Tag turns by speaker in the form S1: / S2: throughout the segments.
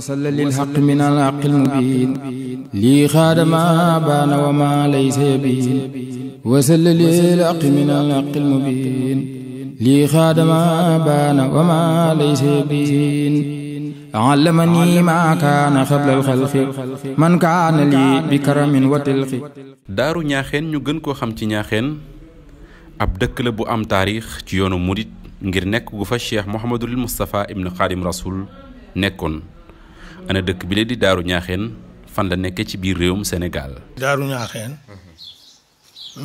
S1: وصل للحق من الحق المبين لي خادم ما بان وما ليس يبين وصل للحق من الحق المبين لي خادم ما بان وما ليس يبين
S2: علمني ما كان قبل الخلق
S1: من كان لي بكرم وتلق
S2: daaru ñaaxeen ñu gën koo xam ci ñaaxeen ab dëkk la bu am taarix ci yoonu murit ngir nekk gu fa cheikh Mouhamadul Moustapha ibn Xaadim Rasoul nekkoon ana dëkk bi la di Daaru Ñaaxeen fan la nekk ci biir réewum Sénégal.
S3: Daaru Ñaaxeen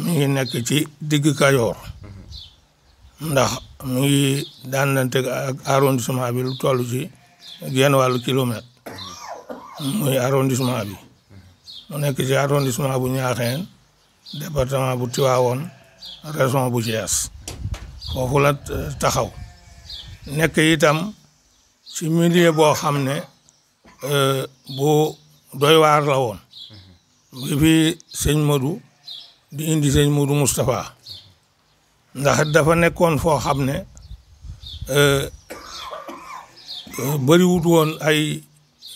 S3: mi ngi nekk ci digg Kajoor ndax mi ngi daanante ak arrondissement bi lu toll ci genn wàllu kilomètre muy arrondissement bi mu nekk ci arrondissement bu Ñaaxeen département bu Tivaouane région bu Thiès foofu la euh, taxaw nekk itam ci milieu boo xam ne. bu doy woon bi fi sëñ madu di indi sëñ Modou Moustapha ndax dafa nekkoon foo xam ne e, bëriwut woon ay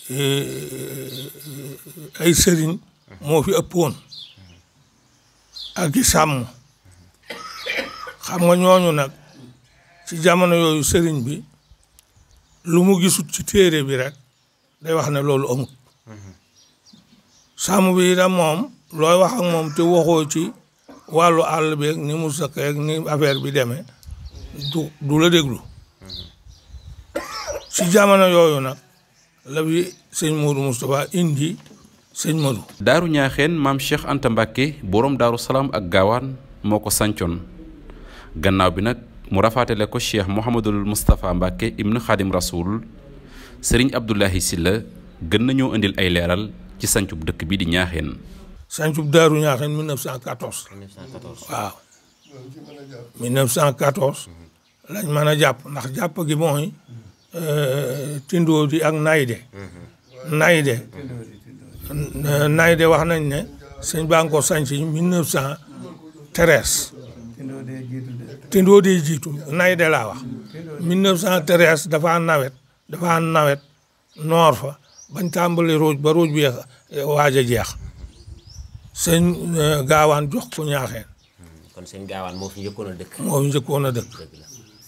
S3: e, ay sëriñ moo fi ëpp ak i sàmm xam nga ñooñu nag ci jamono yooyu sëriñ bi lu mu gisut ci téere bi rek day wax ne loolu amul sàmm bi itam moom looy wax moom te waxoo ci wàllu àll bi ni mu sëkkee ni affaire bi demee du du la déglu
S2: ci jamono yooyu nag la bi sëñ Modou Moustapha indi sëñ Modou. daaru ñaaxeen maam Cheikh Anta Mbacke borom daaru salaam ak gaawaan moo ko sancoon gannaaw bi nag mu rafaatale ko Cheikh Mouhamadul Moustapha Mbacke ibnu Xaadim Rasoul. sëriñ Abdoulahi Sylla gën nañoo indil ay leeral ci sancub dëkk bii di ñaaxeen
S3: sancub daaru ñaaxeen 1914 waaw 1914 lañ mën a jàpp ndax jàpp gi mooy euh, tindoo di ak nayde nayde nayde wax nañ ne sëñ baa ngi ko sanc 1913 tindoo dee jiitu nayde laa wax 1913 dafa nawet dafa nawet noor fa bañ tàmbali ruuj ba ruuj bi waaj a jeex sëñ eh, gaawaan jox ko ñaaxeen. Hmm,
S4: kon sëñ gaawaan moo fi njëkkoon a
S3: dëkk.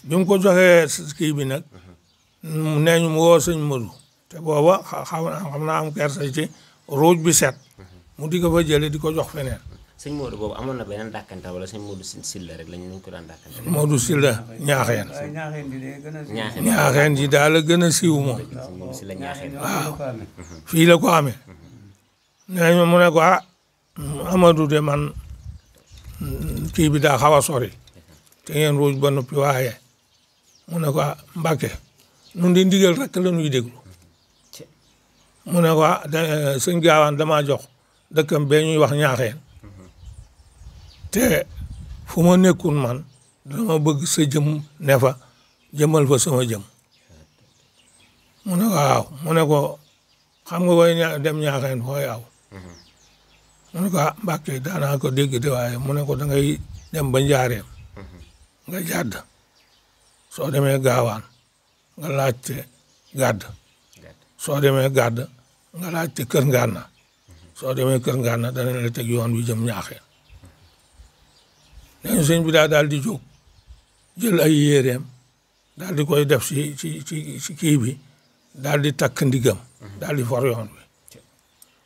S3: moo ko joxee kii bi nag nee ñu mu woo sëñ Modu booba xam naa am kersa ruuj bi set hmm. mu di ko fa jëlee di ko jox feneen.
S4: sëñ Modou boobu amoon na beneen dàkkantal wala sëñ Modou Sylla rek lañu ko daan dàkkantal. Modou Sylla ñaaxeen. ñaaxeen
S5: ji daal gën a siiw moom. waaw fii la ko amee.
S3: nee na mu ne ah, de man kii bi daa xaw a sori. te ngeen ruuj ba noppi waaye mu ne ko ah Mbàkke nun di ndigal rek la ñuy déglu. mu ne ko ah eh, damaa jox dëkkam bee ñuy wax ñaaxeen. te fu ma nekkul man dama bëgg sa jëm ne fa jëmal fa sama jëm mu ne ko waaw mu ne ko xam nga way dem ñaaxeen fooy aw mu ne ko ah Mbàkke ko dégg de waaye mu ne ko da ngay dem ba njaareem nga jàdd soo demee gaawaan nga laajte gàdd soo demee gàdd nga laajte kër nganna soo demee kër nganna danañ la teg yoon bi jëm ñaaxeen nee sëñ bi daa daal di jóg jël ay yéereem daal di koy def si ci ci ci kii bi daal di takk ndigam mhm. daal di for yoon bi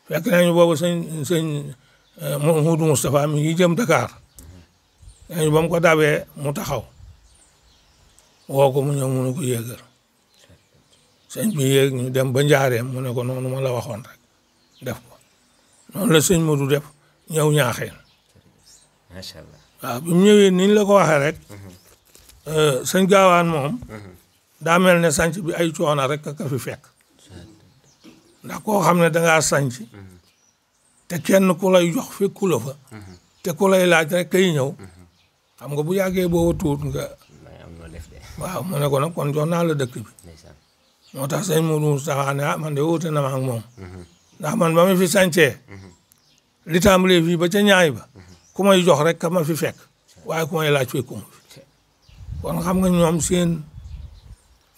S3: fekk nañu boobu sëñ sëñ eh, Mouhamadou Moustapha mi ngi jëm Dakar mhm. nañu ba ko dabee mu taxaw wo ko mu ñëw mu ne ko yéegal sëñ bi ñu dem ba njaareem mu ne ko noonu ma la waxoon rek def ko noonu la sëñ Modou def ñëw ñaaxeen macha waaw bi mu ñëwee ni la ko waxee rek euh, sëñ gaawaan moom daa mel ne sanc bi ay coono rek ka fi fekk ndax koo xam ne dangaa sanc te kenn ku lay jox fekku la te ku lay laaj rek kay ñëw xam nga bu yàggee booba tuut nga waaw mu ne ko nag kon jox dëkk bi moo tax sëñ Modou Moustapha mande ah man ma ak moom mhm. ndax man fi sancee li tàmbalee fii ba ca ñaay ba mhm. ku may jox rek ka fi fekk waaye ku may laaj fekku ma fi kon xam ñoom seen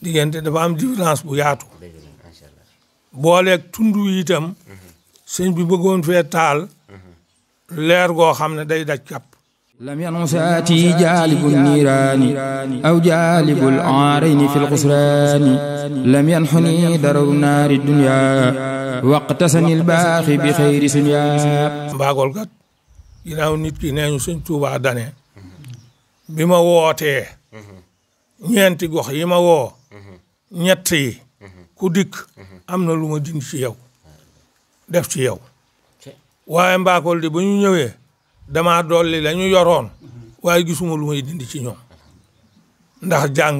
S3: diggante dafa am différence bu yaatu booleeg tund yi itam bi bëggoon fee taal leer goo xam ne day da kàpp lam yanusati jaalibu niiraani
S1: aw jaalibu aarayni fi lxusraani lam yanxuni daraw naari dunya waqtasani lbaaxi bi xayri sunya
S3: mbaagol kat ginnaaw nit ki nee ñu sëñ Tuubaa dane bi ma wootee ñeenti gox yi ma woo ñett yi ku dikk am na lu ma dindi ci yow def ci yow waaye Mbakol di ba ñu dama dolli la yoroon waaye gisuma lu may dindi ci ñoom ndax jàng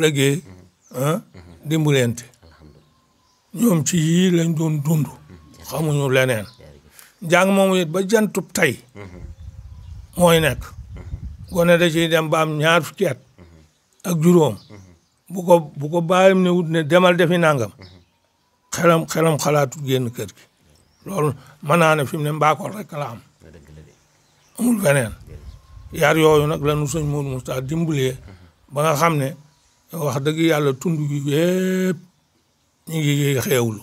S3: liggéey ah, dimbalante ñoom ci yii lañ doon dund leneen njàng moomu it ba jantub tey mooy nekk gone da ciy dem ba am ñaar fukki at ak juróom bu ko bu ko bàyyam ne wut ne demal defi nangam xelam xelam xalaatu génn kër gi loolu mën naa ne fi mu ne mbaakool rek la am amul feneen yar yooyu nag lanu sëñ Mourou Moustapha dimbalee ba nga xam ne wax dëgg yàlla tund ngi xeewlu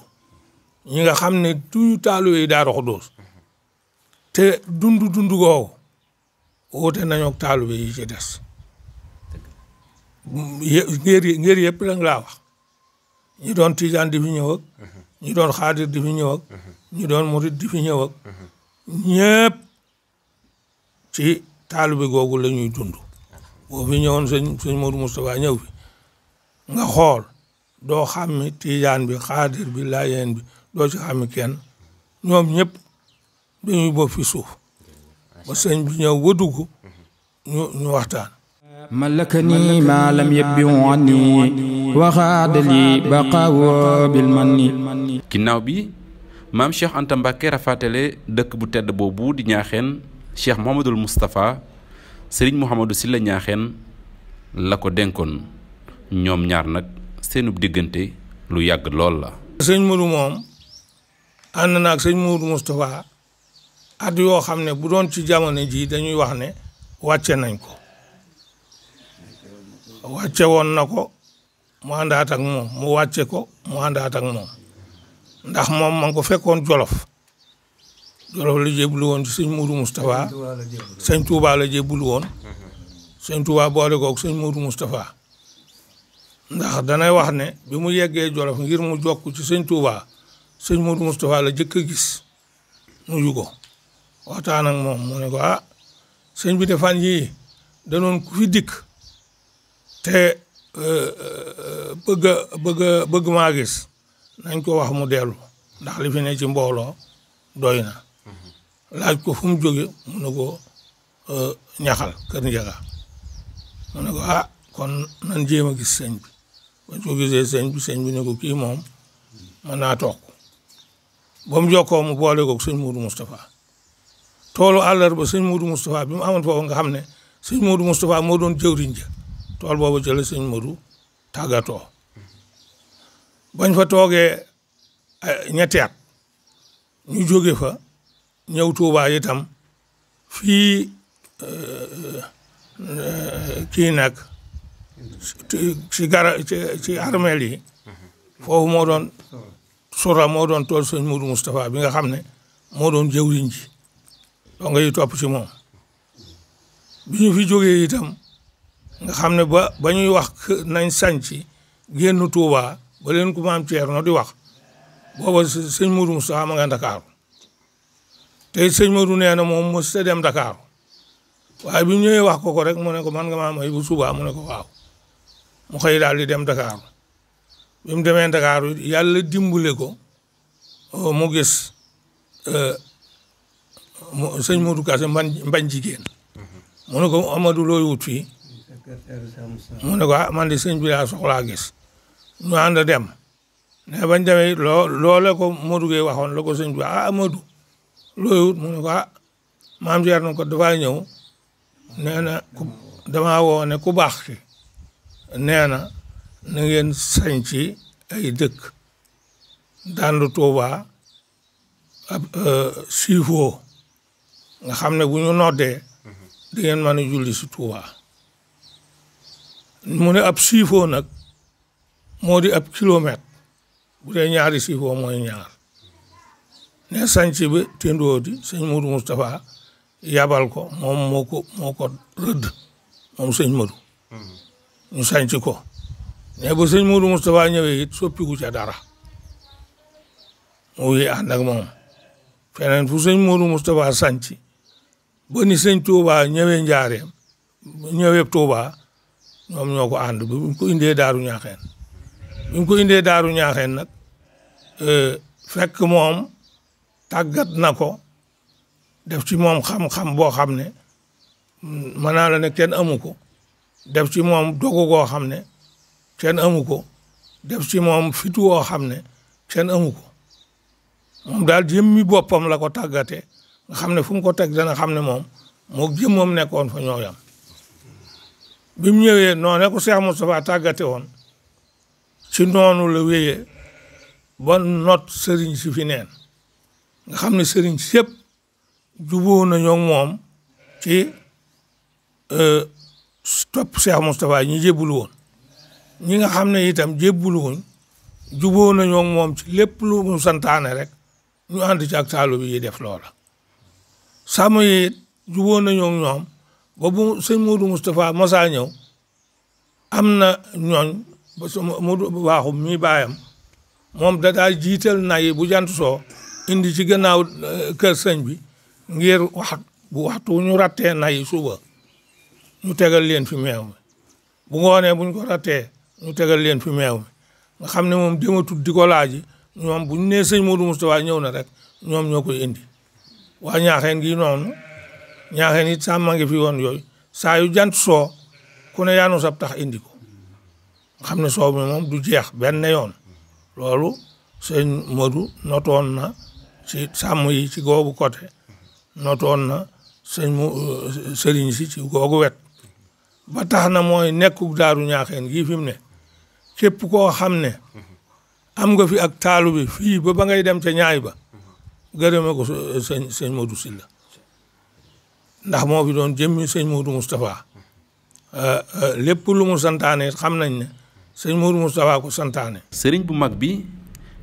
S3: ñi nga xam ne tuyu taalu yi daa rox te dund dund googu woote nañoo taalibe yi ci des ngir ngir yëpp nag laa wax ñu doon tijaan di fi ñëw ak ñu doon xaadir di fi ñëw ak ñu doon murit di fi ñëw ak ñëpp ci taalibe googu la ñuy dund boo fi ñëwoon sëñ sëñ ñëw fi nga xool doo xàmmi tijaan bi xaadir bi laayeen bi doo ci xàmmi kenn ñoom ñëpp dañuy bokk fi suuf ba sëñ bu ñëw wëddugu ñu ñu
S2: waxtaan
S1: ملكني ما لم يبيو عني وغاد لي بقاو بالمني
S2: ginnaaw bi maam Cheikh Anta Mbacke dëkk bu tedd boobu di ñaaxeen Cheikh Mouhamadul mustafa Serigne Mouhamadou Sylla ñaaxeen la ko dénkoon ñoom ñaar nag seenub diggante lu yàgg lool la.
S3: sëñ Modou moom ànd na ak sëñ Modou Moustapha at yoo xam ne bu doon ci jamono ji dañuy wax ne wàcce nañ ko wàcce woon na ko mu àndaat ak moom mu wàcce ko mu àndaat ak moom ndax moom ma ngi ko fekkoon jolof jolof la jébbalu woon ci sëñ Mourou Moustapha sëñ Touba la jébbalu woon sëñ Touba mm-hmm. boole ko ak sëñ Mourou danay wax ne bi mu yeggee jolof ngir mu jokk ci sëñ Touba sëñ Mourou Moustapha la jëkk a gis nuyu ko waxtaan ak moom mu ne ko ah sëñ bi defaan yii danoon ku fi dikk te euh, euh, bëgg a bëgg a bëgg maa gis nañ ko wax mu dellu ndax li fi ne ci mbooloo doy na laaj ko fu mu jóge mu ne ko euh, ñaxal kër ah, kon nan jéem a gis sëñ bi bañ ko sëñ bi sëñ bi moom mën naa toog ba mu jokkoo mu boole ko sëñ Mourou Moustapha toolu ba sëñ Modou Moustapha bi mu amoon foofu nga xam ne sëñ Modou Moustapha moo doon jëwriñ ja tool boobu jële sëñ Modou tàggatoo bañ fa toogee ñetti at ñu jóge fa ñëw Touba itam fii euh, euh, kii nag ci gara ci armeel yi foofu moo doon sura moo doon tool sëñ Modou Moustapha bi nga xam ne moo doon jëwriñ ji donga yi topp ci moom bi fi jógee itam nga xam ne ba ba ñuy wax nañ sànci génn Touba ba leen ku maam Thierno di wax booba sëñ Modou Moustapha ma nga Dakar te sëñ Modou nee na moom mos a dem Dakar waaye bi ñëwee wax ko ko rek mu ne ko man nga maa may bu subaa mu ne ko waaw mu xëy daal di dem Dakar bi mu demee Dakar yàlla dimbale ko mu gis. Euh, sëñ Modou Kassé mban mbañ jigéen mu ne ko Amadou looy mu ne ah, man de sëñ bi laa soxlaa gis ñu dem ne bañ demee loo loolee ko Modou Gueye waxoon la ko sëñ bi ah Amadou looy ko ah maam Thierno ko dafa ñëw nee na damaa woo ne ku baax ci nee na na ngeen sañ ci ay dëkk Dandu Touba ab euh, nga xam ne bu ñu noddee di ngeen mën a julli si Touba mu ne ab siifoo nag moo di ab kilomètre bu dee ñaari siifoo mooy ñaar ne sanc bi tendoo di sëñ Modu Moustapha yabal ko moom moo ko moo moom sëñ Modu ñu sanc ko ne ba sëñ Modu Moustapha ñëwee it soppiku ca dara mu wuy ànd ak moom feneen fu sëñ Modu Moustapha sanc ba ni sëñ Touba ñëwee Njaareem ñëwee Touba ñoom ñoo ko ànd bi ñu ko indee Daaru Ñaaxeen bi ñu ko indee Daaru Ñaaxeen nag euh, fekk moom tàggat na ko def ci moom xam-xam boo xam ne mën naa la ne kenn amu ko def ci moom dogu goo xam ne kenn amu ko def ci moom fitu woo xam ne kenn amu ko moom daal jëmmi boppam la ko tàggate nga xam ne fu mu ko teg dana xam ne moom moo jëm moom nekkoon fa ñoo yam bi mu ñëwee noonu ko Cheikh Moustapha tàggate woon ci noonu la not sëriñ si fi neen nga xam ne sëriñ si yëpp juboo nañoo moom ci euh, topp Cheikh Moustapha ñi jébbulu ñi nga xam ne itam jébbulu wuñ juboo moom ci lépp lu mu santaane rek ñu ànd ci ak taalibe yi def loola sàmm yi juboon jubóo nañoo ñoom ba bu sëñ Modou Moustapha Moussa ñëw am na ñooñ ba sama mi baayam moom da daa jiital na yi bu jant soo indi ci gannaaw eh, kër sëñ bi ngir wax bu waxtu ñu rattee na yi suba ñu tegal leen fi meew mi bu ngoonee ñu tegal leen fi meew xam ne moom dematul di ko laaji ñoom buñ nee sëñ Modou Moustapha ñëw na rek ñoom ñoo koy indi waa ñaaxeen gi noonu ñaaxeen it sàmma ngi fi woon yooyu saa yu jant soo ku ne yaanu sab tax indi ko xam ne soow mi moom du jeex benn yoon loolu sëñ Modou notoon na ci sàmm yi ci googu euh, si ci googu wet ba tax na mooy nekku daaru ñaaxeen gii fi mu ne képp koo xam ne am nga fi ak taalu bi fii ba ba ngay dem ca ñaay ba gërëme ko sëñ sëñ Modou Sylla ndax moo fi doon jëmmi sëñ Modou Moustapha euh, euh, lépp lu mu santaane xam nañ ne sëñ Modou Moustapha ko santaane.
S2: sëriñ bu mag bi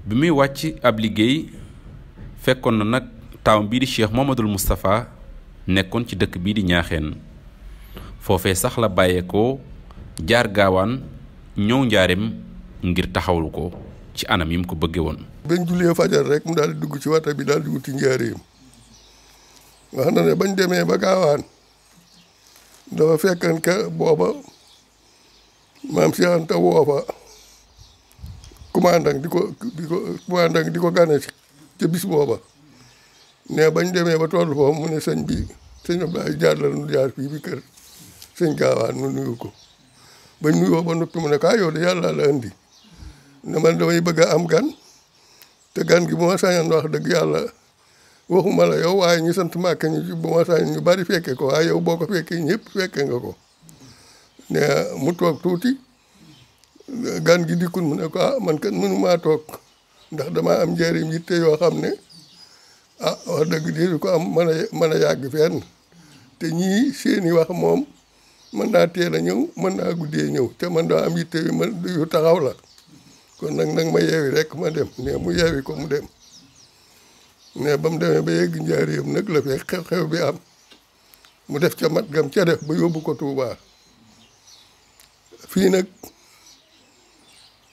S2: bi muy wàcc ab liggéey fekkoon na nag taawam bii di Cheikh Momadul Moustapha nekkoon ci dëkk bii di ñaaxeen foofee sax la bàyyeekoo jaar gaawaan ñëw njaareem ngir taxawul ko ci anam yi mu ko bëggee woon.
S6: bañ jullee fajar rek mu daal di dugg ci wata bi daal di wuti njaareem wax na ne bañ demee ba gaawaan dafa fekkan booba maam si Anta woofa commandant di ko di di ko gane ca booba ne bañ demee ba toll foofu mu ne sëñ bi sëñ Ablaye jaar la nu jaar fii kër sëñ gaawaan nu nuyu bañ nuyoo ba noppi mu ne kaa ah, yow de yàlla la andi ne man damay bëgg a am gan te gan gi bu ma sañoon wax dëgg yàlla waxuma la yow waaye ñu sant Màkka ñu bu bari fekke ko waaye yow boo ko fekkee ñëpp fekke nga ko ne mu toog tuuti gan gi dikkul mu ne ko ah man kat mënu toog ndax damaa am njëriñ yitte yoo xam ne ah wax dëgg di ko am mën a yàgg fenn te ñii seeni wax moom mën naa teel a ñëw mën naa guddee ñëw te man daa am yitte yu taxaw la kon nag nag ma yeewi rekk ma dem ne mu yeewi ko mu dem ne ba mu demee ba yegg njaareem nag la fekk xew-xew bi am mu def ca mat gam ca def ba yóbbu ko Tuubaa fii nag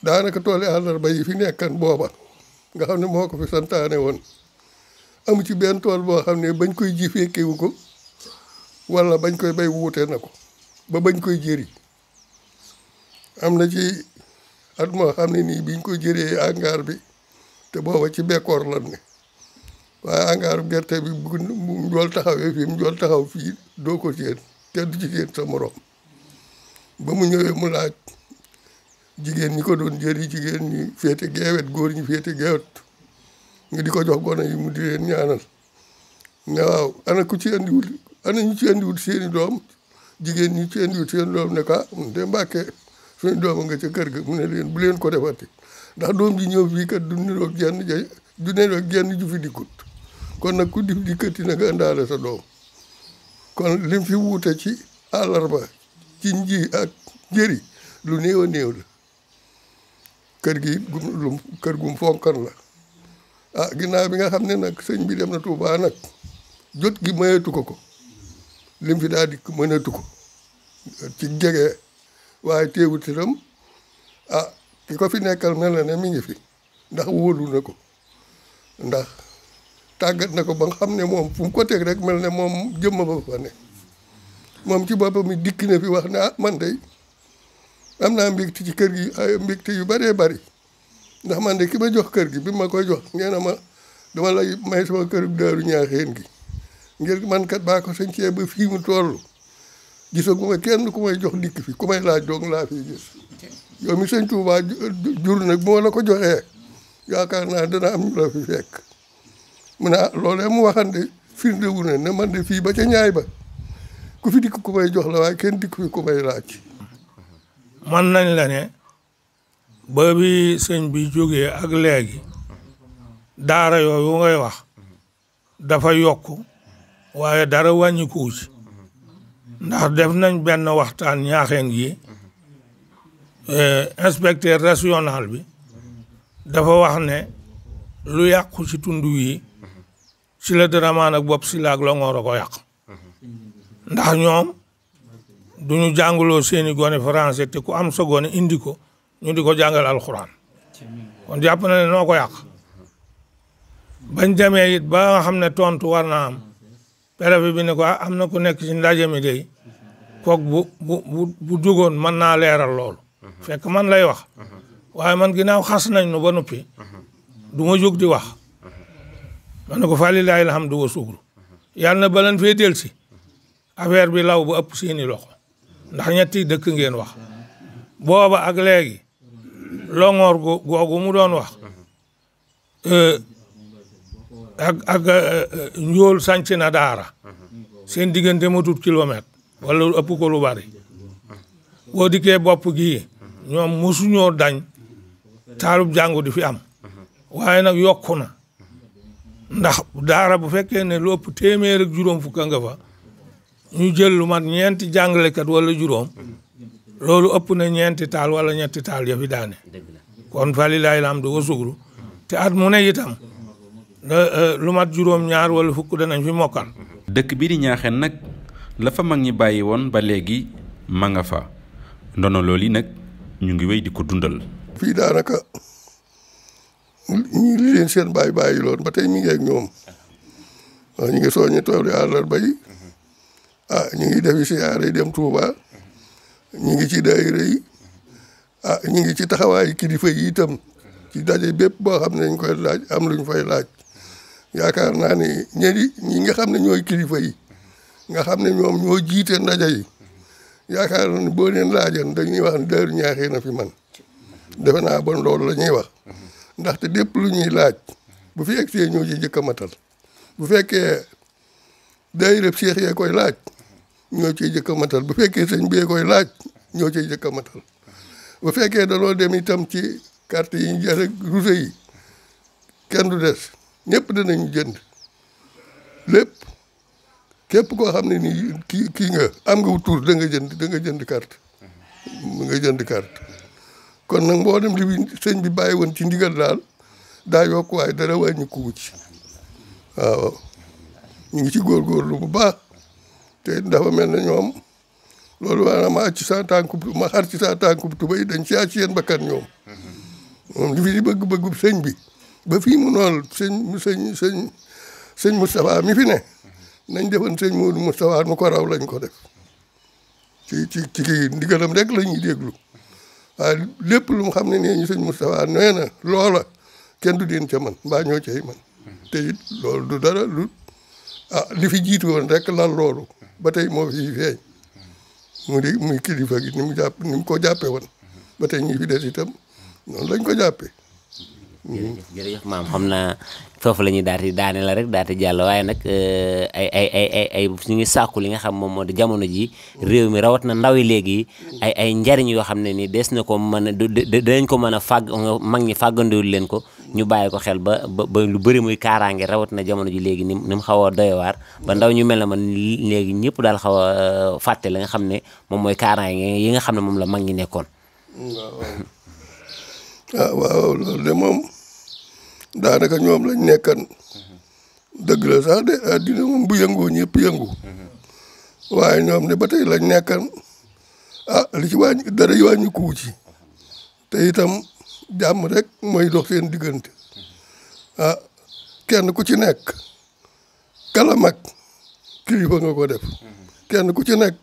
S6: daanaka tooli àllarba yi fi nekkan booba nga xam ne moo ko fi santaane woon amu ci benn tool boo xam ne bañ koy ji fekkewu ko walla bañ koy bay wuute na ko ba bañ koy jëri am na ci at moo xam ni nii biñ ko jëree angaar bi te booba ci bekkoor lan ne waaye angaar gerte bi bu mu njool taxawee fii mu njool taxaw fii doo ko séen te du ci séen sa morom ba mu ñëwee mu laaj jigéen ñi ko doon jëri jigéen ñi féete geewet góor ñi féete geewet di ko jox gone yi mu di leen ñaanal ne waaw ana ku ci andiwul ana ñu ci andiwul seeni doom jigéen ñi ci andiwul seeni doom ne ka ah, de suñu dooma nga ca kër ga mu ne bu leen ko defati ndax doom ji ñëw fii kat du ja du niroo jenn ju kon nag ku dif dikkati na nga àndaale sa doom kon lim fi wuute ci àllarba ci nji ak njëri lu néew a néew la kër gi kër gum fonkan la ah ginnaaw bi nga xam ne nag sëñ bi dem na Tuubaa nag jot gi mayeetu ko ko lim fi daa dikk mënatu ko ci waaye teewu tiram ah ki ko fi nekkal mel na ne mi ngi fi ndax wóolu na ko ndax tàggat na ko ba xam ne moom fu mu ko teg rek mel ne moom jëmma ba fa ne moom ci boppam mi dikk na fi wax ne a ah, man de am naa ti ci kër gi ay mbégte yu baree bari ndax man de ki ma jox kër gi bi ma koy jox nee na ma dama lay may sama kër daaru ñaaxeen gi ngir man kat baa ko sañ cee ba fii mu toll gisaguma kenn ku may jox dikk fi ku may laaj doog laa fi gis yow mi sëñ Tuubaa jur nag boo la ko joxee yaakaar naa dana am ñu fi fekk mu ne ah, loolee mu waxande firnde wu ne ne man de fii ba ca ñaay ba ku fi dikk ku may jox la waaye
S3: kenn dik fi ku may laaj. man nañ la ne ba bi sëñ bi jógee ak léegi daara yooyu ngay dafa yokk waaye dara wàññikuwu ci ndax def nañ benn waxtaan ñaaxeen gi eh, inspecteur régional bi dafa wax ne lu yàqu si tund yi ci la daramaan ak bopp si laag longoor ko yàq ndax ñoom duñu jàngaloo seeni gone français te ko am sa gone indi ko ñu di ko jàngal alxuraan kon jàpp na ne noo ko yàq bañ demee it ba xam ne tontu war na am préfet bi ne ko ah, am na ku nekk ci ndaje mi kook bu bu bu bu jógoon mën naa leeral lool fekk man lay wax. waaye man ginnaaw xas nañ nu ba noppi. du ma jóg di wax. ma ne ko fa lillaahi alhamdu wa sukru yàlla na balan fee del si affaire bi law bu ëpp seeni loxo ndax ñetti dëkk ngeen wax booba ak léegi longoor gu googu mu doon wax ak ak njool sanc na daara seen diggante matut kilomètre wala ëpp ko lu bari boo dikkee bopp gi ñoom mosuñoo dañ taalub jàngu di fi am waaye nag yokku na ndax daara bu fekkee ne lu ëpp téeméer ak juróom fukka nga fa ñu jël lu mat ñeenti jàngalekat wala juróom loolu ëpp na ñeenti taal wala ñetti taal ya fi daane kon fa lilaay la am du wasugru te at mu ne itam euh, lu mat juróom
S2: ñaar wala fukk danañ fi mokkal dëkk bi di nag la fa mag ñi bàyyi woon ba léegi ma nga fa ndono loolu yi nag ñu ngi wéy di ko dundal. fii
S6: daanaka ñu li leen seen bàyyi bàyyi loon ba tey mi ngi ak ñoom ñu ngi àllarba yi ah ñu ngi defi siyaare dem Touba ñu ngi ci daayira yi ah ñu ngi ci taxawaay kilifa yi itam ci daje bépp boo xam ne ñu koy laaj am lu ñu fay laaj yaakaar naa ni ñenn ñi nga xam ne ñooy kilifa yi. nga xam ne ñoom ñoo jiite ndaje yi yaakaar naa ne boo leen laajoon dañuy wax ne Daaru Ñaaxeen na fi man defe naa bon loolu la ñuy wax ndaxte dépp lu ñuy laaj bu fi egsee ñoo ci jëkk a matal bu fekkee daayira Seex yee koy laaj ñoo ciy jëkk a matal bu fekkee sëñ bee koy laaj ñoo ciy jëkk a matal bu fekkee danoo dem itam ci carte yi ñu jël ak yi kenn du des ñëpp danañu jënd lépp képp koo xam ne nii kii kii nga am nga tur da nga jënd da nga jënd carte mm-hmm. da nga jënd carte kon nag mboolem li sëñ bi bàyyi woon ci ndigal daal daa yokk waaye dara wàññi kuwu ci waaw ñu ngi ci góorgóorlu bu baax te dafa mel na ñoom loolu waa ma àcc sa tànkub ma xar ci sa tànkub tubay dañ ci àcc yéen bakkan ñoom moom mm-hmm. li fi di bëgg-bëggu sëñ bi ba fi mu nool sëñ sëñ sëñ sëñ Moustapha mi fi ne nañ defoon sëñ Modou Moustapha mu ko raw lañ ko def ci ci ci kii ndigalam rek la ñuy déglu lépp lu mu xam ne nee ñu sëñ Moustapha nee na loola kenn du din ca man ba ñoo cay man te loolu du dara lu ah li fi jiitu woon rek lan loolu ba tey moo fi feeñ mu di muy kilifa gi ni mu jàpp ni ko jàppe woon ba tey ñu fi des itam noonu lañ ko jàppe
S4: naa foofu la ñuy daal di daane la rek daal di jàll waaye nag euh, ay ay ay ñu ngi sàkku li nga xam moom moo di jamono ji réew mi rawat na ndaw yi léegi ay njariñ yoo xam ne nii des na ko mën a dinañ ko mën a fàgg mag ñi fàggandiwul leen ko ñu bàyyi ko xel ba ba lu bëri muy kaaraange rawat na jamono ji léegi ni ni mu xaw a doyewaar ba ndaw ñu mel ne man léegi ñëpp daal xaw a euh, fàtte la nga xam ne moom mooy kaaraange yi nga xam ne moom la mag ñi nekkoon ah, daanaka ñoom lañ nekkan dëgg
S6: la sax de addina bu yëngoo ñëpp yëngu waaye ñoom ne ba tey lañ nekkan a ah, li ci wàññi dara yi wàññi kuu ci te itam jàmm rek mooy dox seen diggante ah kenn ku ci nekk kala mag kilifa nga ko def kenn ku ci nekk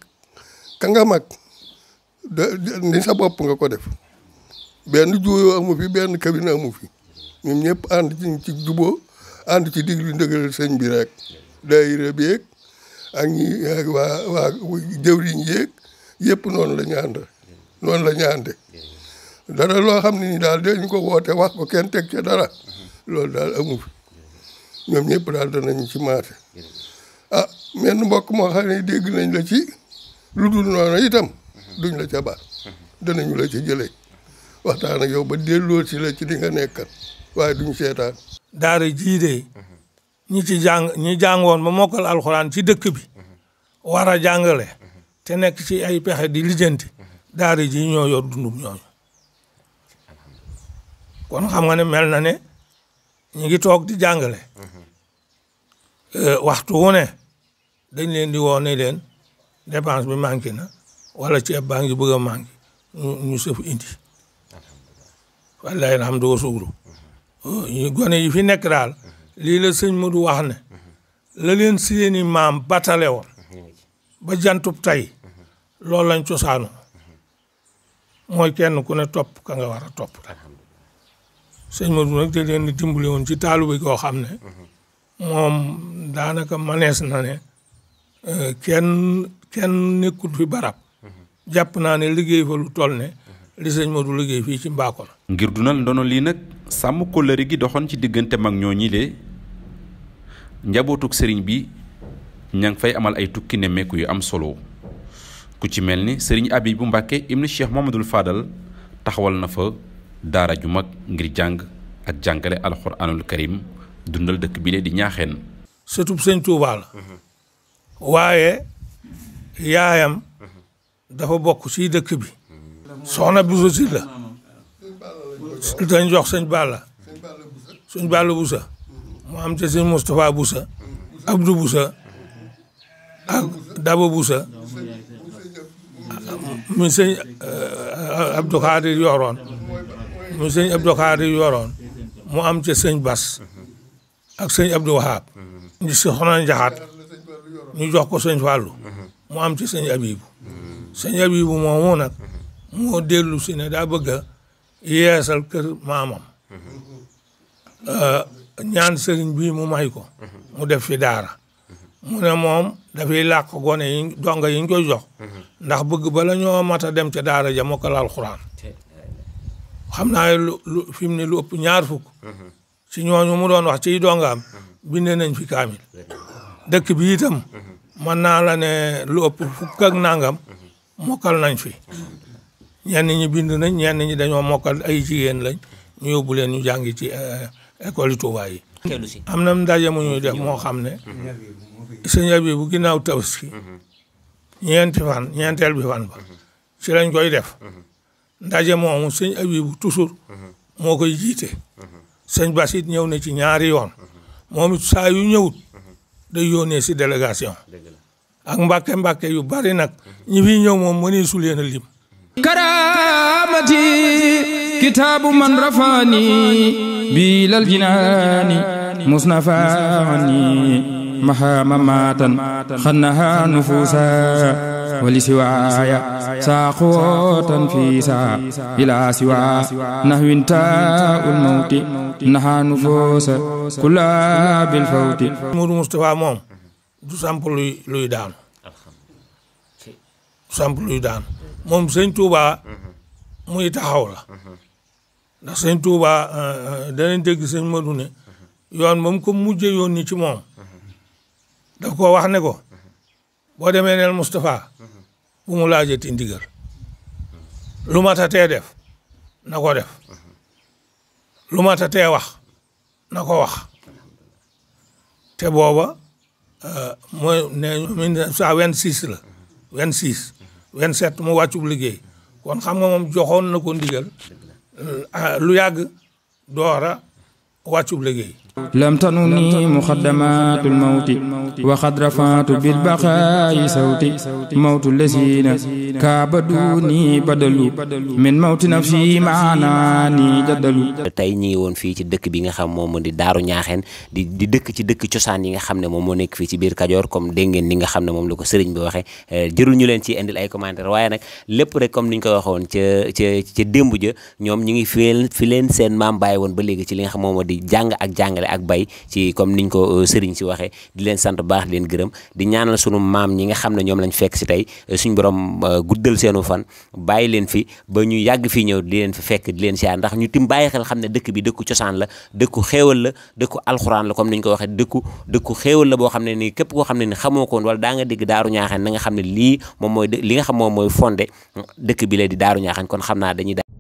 S6: ka nga mag ni sa bopp nga ko def benn amu fi benn kabine amu fi ñoom ñëpp ànd ci ci dubo ànd ci diglu ndëgal sëñ bi rek daayira bi yeeg ak ñi waa waa jëwriñ yëpp noonu la ñu ànd noonu la ñu ànde dara loo xam ne ni daal dañu ko woote wax ko kenn teg ca dara loolu daal amu ñoom ñëpp daal danañu ci maate ah menn mbokk moo xam ne dégg nañ la ci lu dul noonu itam duñ la ca baax danañu la ci jële waxtaan ak yow ba delloo
S3: ci la ci li nga nekkan waaye duñ seetaan. daara jii de ñi ci jàng ñi jàngoon ba mokkal alxuraan ci dëkk bi war a jàngale te nekk ci ay pexe di lijjanti daara jii ñoo yor dundum ñooñu kon xam nga ne mel na ne ñu ngi toog di jàngale eh, waxtu wu ne dañ leen di woo ne leen dépense bi manqué na wala ceeb baa ngi bëgg a manqué ñu ñu sëf indi wallahi alhamdu wa sukru ñu gone yi fi nekk daal lii la sëñ Modou wax ne la leen seeni maam batale woon ba jantub tey loolu lañ cosaanu mooy kenn ku ne topp ka nga war a topp rek sëñ Modou nag da leen woon ci taalu bi koo xam ne moom daanaka manees na ne eh, kenn kenn nekkul fi barab jàpp naa ne liggéey ne li sëñ Modou liggéey fii ci Mbakol.
S2: ngir dunal ndono lii nag sàmm kóllëre gi doxoon ci diggante mag ñoo ñi de njabootug sëriñ bi ña ngi fay amal ay tukki nemmeeku yu am solo ku ci mel ni sëriñ abi bu Mbàkke ibnu Cheikh Mamadul Fadal taxawal na fa daara ju mag ngir jàng ak jàngale alxuraanul karim dundal dëkk bi lee di ñaaxeen
S3: sëtub sëñ Tuubaa la waaye yaayam dafa bokk ci dëkk bi soxna Bousso Sylla dañ jox sëñ Balla sëñ Balla Boussa mu am ca sëñ Moustapha Boussa Abdou Boussa ak Daba Boussa mu sëñ eh, Abdou Khadir yoroon mu sëñ Abdou Khadir yoroon mu am ca sëñ Bas ak sëñ Abdou Wahab ñu soxna Njaxaat ñu jox sëñ Fallou mu am ca sëñ Abibu sëñ Abibu moomu nag moo dellu si ne daa bëgg a yeesal kër maamam euh, ñaan sëriñ bii mu may ko mu def fi daara mu ne moom dafay làq gone yi donga yi ñu koy jox ndax bëgg bala ñoo mat a dem ca daara ja mokkal alxuraan xam naa lu lu lu ëpp ñaar fukk ci ñooñu mu doon wax ciy dongaam bind nañ fi kaamil dëkk bi itam mën naa la ne lu ëpp fukk nangam mokkal nañ fi ñan ñi bind nañ ñenn ñi dañoo mokkal ay jigéen lañ ñu yóbbu leen ñu jàngi ci eh, école Touba yi. am na ndaje mu ñuy def moo xam ne. sëñ bi bu ginnaaw tabaski. ñeenti fan bi fan ba. ci lañ koy def. ndaje moomu sëñ Abibu toujours moo koy jiite sëñ Basit ñëw na ci ñaari yoon moom it saa yu ñëwut day yónnee si délégation ak mbàkke mbàkke yu bari nag ñi fi ñëw moom mënee su leen
S1: كرامتي كتاب من رفاني بلا الجنان مصنفى عني مهام ماتا خنها نفوسا ولسواي ساقوا تنفيسا إلى سوى نهو تاء الموت نها نفوسا كلا بالفوت مور
S3: مصطفى موم du samp luy luy daan samp luy daan moom sëñ Touba
S5: mhm. muy taxaw la mhm.
S3: ndax sëñ Touba euh, euh, danañ dégg sëñ Madou ne mhm. yoon moom ko mujjee yoon ni ci moom daf ko wax ne ko boo demee neel Moustapha bu mu laajati ndigal lu mat a tee def na ko def lu a tee wax na ko wax te booba euh, mooy ne 1926 la 26 27 moo wàccub liggéey kon xam moom joxoon na ko ndigal euh, lu yàgg doora wàccub liggéey
S1: لم تنني مقدمات الموت وقد رفعت بالبقاء صوتي موت ba كابدوني بدلوا من موت نفسي معناني
S4: جدلوا tey ñi ngi woon fii ci dëkk bi nga xam moom moo di Daaru Ñaaxeen di di dëkk ci dëkk cosaan yi nga xam ne moom moo nekk fii ci biir Kajoor comme dégg ngeen li nga xam ne moom la ko sëriñ bi waxee euh, jërul ñu leen ci indil ay commentaire waaye nag lépp rek comme ni ñu ko waxoon ca ca ca démb ja ñoom ñu ngi fi leen leen seen maam bàyyi woon ba léegi ci li nga moom di jàng ak jàng jàngale ak bay ci comme niñ ko euh, sëriñ si waxee di leen sant baax leen gërëm di ñaanal sunu maam ñi nga xam ne ñoom lañ fekk si tey euh, suñ borom euh, guddal seenu fan bàyyi leen fi ba ñu yàgg fii ñëw di leen fi fekk di leen si siyaar ndax ñu tim bàyyi xel xam ne dëkk bi dëkku cosaan la dëkku xéewal la dëkku alxuraan la comme niñ ko waxee dëkku dëkku xéewal la boo xam ne nii képp koo xam ne ni xamoo koon wala daa nga dégg daaru ñaaxaan na nga xam ne lii moom mooy li moom mooy fondé dëkk bi la di daaru ñaaxaan kon xam naa dañuy